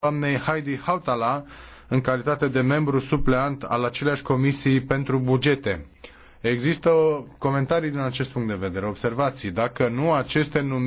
doamnei Heidi Hautala în calitate de membru supleant al aceleași comisii pentru bugete. Există comentarii din acest punct de vedere, observații. Dacă nu, aceste numiri